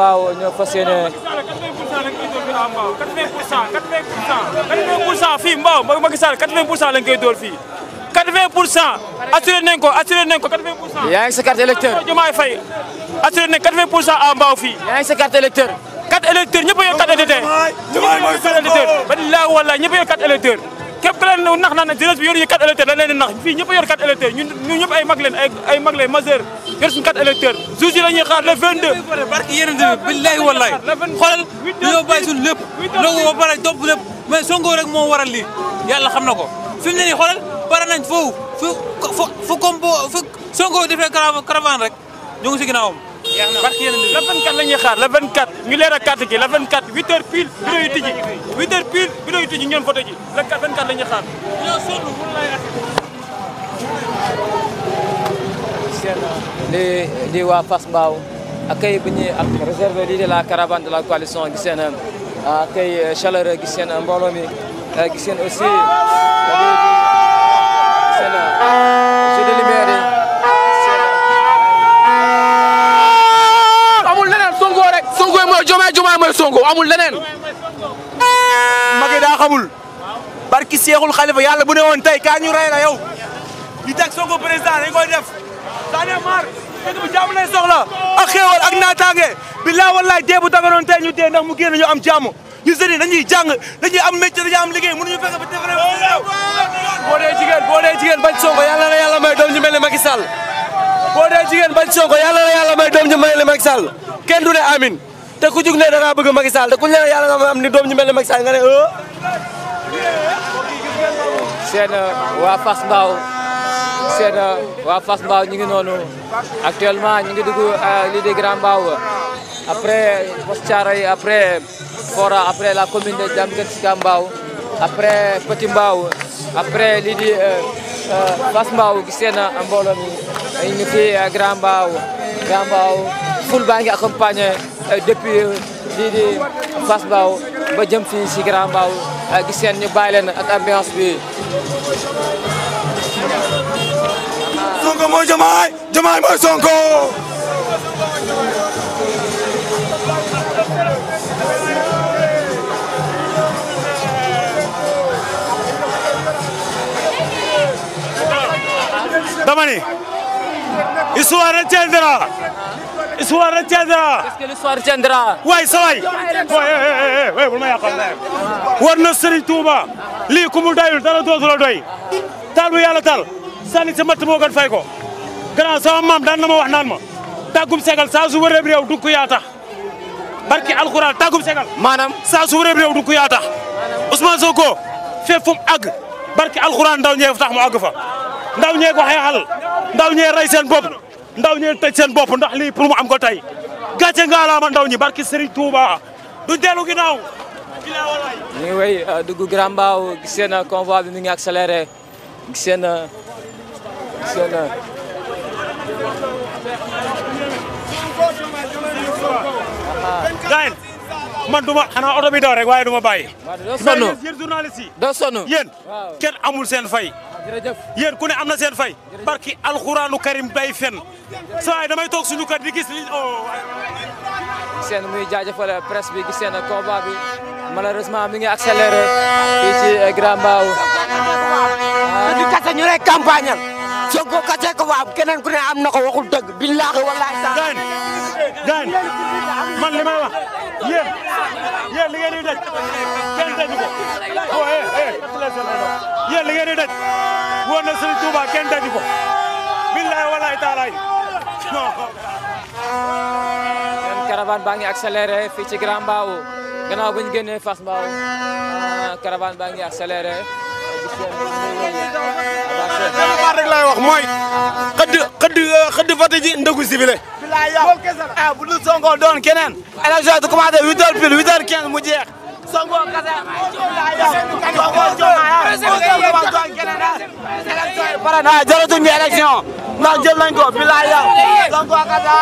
Mbao ñoo fas yéene. 80 pour cent 80 pour cent 80 pour cent fii Mbao Macky Sall 80 pour cent lañ koy fii 80 pour cent assuré nañ ko assuré nañ ko 80 pour cent. yaa ngi sa carte électeur Diomaye Faye assuré nañ 80 fii. yaa ngi sa carte électeur. carte électeur ñëpp a yor carte d'identité. ñëpp a yor carte d'identité. wallaahi wallaahi képp ku leen nax na jeunesse bi yoruñu carte électeur dañ leen di nax fii ñëpp a yor carte électeur ñun ñun ñëpp ay mag leen ay ay mag leen majeur yor suñu carte électeur jours yi la ñuy xaar le 22. barke yéen a demee billahi wallahi xoolal dañoo bàyyi suñu lépp dogu ba pare topp lépp mais Sonko rek moo waral lii yàlla xam na ko fi mu ne nii xoolal pare nañ foofu fu fu fu comme fu Sonko defee caravane rek ñu ngi si ginnaawam la 24 la ñuy xaar la 24 ñu leer ak carte gi la 24 huit heures pile bureau yi tijji huit heures pile bureau tijji ngeen foto ji la 24 la ñuy xaar di di waa Fass Mbao accueil bi ñuy am réservé lii de la caravane de la coalition gis seen ah, accueil euh, chaleureux euh, mbooloo mi euh, Diomaye mooy Sonko amul leneen. Macky daa xamul. barki Seexul Xalifa yàlla bu ne tey kaa ñu rey la yow. di teg Sonko président dañ koy def. Sané Mar dëgg bi jàmm lay soxla ak xéewal ak naataange billaay wallaay dee bu tey ñu dee ndax mu génn ñu am jàmm ñu sëriñ dañuy jàng dañuy am métier dañuy am liggéey mënuñu fexe ba defaree boo dee jigéen boo dee jigéen bañ Sonko yàlla na yàlla may ñu mel ni Macky Sall boo dee jigéen bañ Sonko yàlla yàlla may doom ñu mel ni Macky Sall kenn te ku jug ne da ngaa bëgg Macky Sall te ku ne yàlla nga am ni doom ñu mel ne Macky Sall nga ne oh. seen euh, waa Fass Mbao seen euh, waa Fass Mbao ñu ngi noonu actuellement ñu ngi dugg euh, lii de Grand Mbao après Fass Thiaroye après Fora après la commune de Diamaguène Sicap Mbao après Petit Mbao après lii di Fass Mbao gis seen mbooloo mi ñu ngi fi Grand Mbao Grand Mbao ful baa ngi depuis lii euh, di Fass Mbao ba jëm fii si Grand Mbao euh, gis ngeen ambiance bi. Sonko mooy Diomaye Diomaye mooy Sonko. dama ni histoire retiendra. histoire tiendra. est-ce que l'histoire tiendra. waay sa waay. waay war na Serigne Touba lii ku mu doyul dara dootu doy. taal bu yàlla taal sànni sa matt moo gën fay ko. grand sama maam daan na ma wax naan ma tàggum segal saa su wëreeb réew dugg yaa tax barki alxuraan tàggum segal. maanaam saa su wëreeb réew dugg yaa tax. Ousmane Sonko fépp fu alxuraan ndaw ñee tax mu àgg fa. ndaw ñee ko xeexal ndaw ñee rey seen bopp. ndaw ñi tëj seen bopp ndax lii pour mu am ko tey gàcce ngaalaama ndaw ñi barki Serigne Touba du dellu ginnaaw. ñu ngi wéy euh, dugg Grand Mbao gis seen euh, convoi bi mi ngi accéléré gis seen euh, gis man du ma xanaa oto bi daw rek waaye du ma bàyyi. waaw doo kenn amul seen fay. yéen ku ne am na seen fay barki alxuraanu karim bay fen saa yi damay toog suñu kër di gis li oh. seen muy jaajëfal presse bi gis seen combat bi malheureusement mi ngi accéléré fii ci Grand Mbao. Ah. Ah. ñu kase ñu rek campagne am Sonko kase ko am keneen ku ne am na ko waxul dëgg billaahi wallaahi. gaañ man li may yéen. yéen li ngeen di daj kenn daju ko waaw eh eh yéen li ngeen daj woon na Serigne Touba kenn daju ko billaay walaay taalaay baa ngi accéléré fii ci Grand Mbao gannaaw bu ñu génnee Fass ah, baa ngi accéléré. rek wax mooy xëdd xëdd xëdd fàtte sibile ah bu dul Sonko doon keneen élection yi commencé 8h pile 8 h mu jeex Sonko kese ah jërëjëf ñu élection ndax jël nañ ko bilaay yow Sonko kese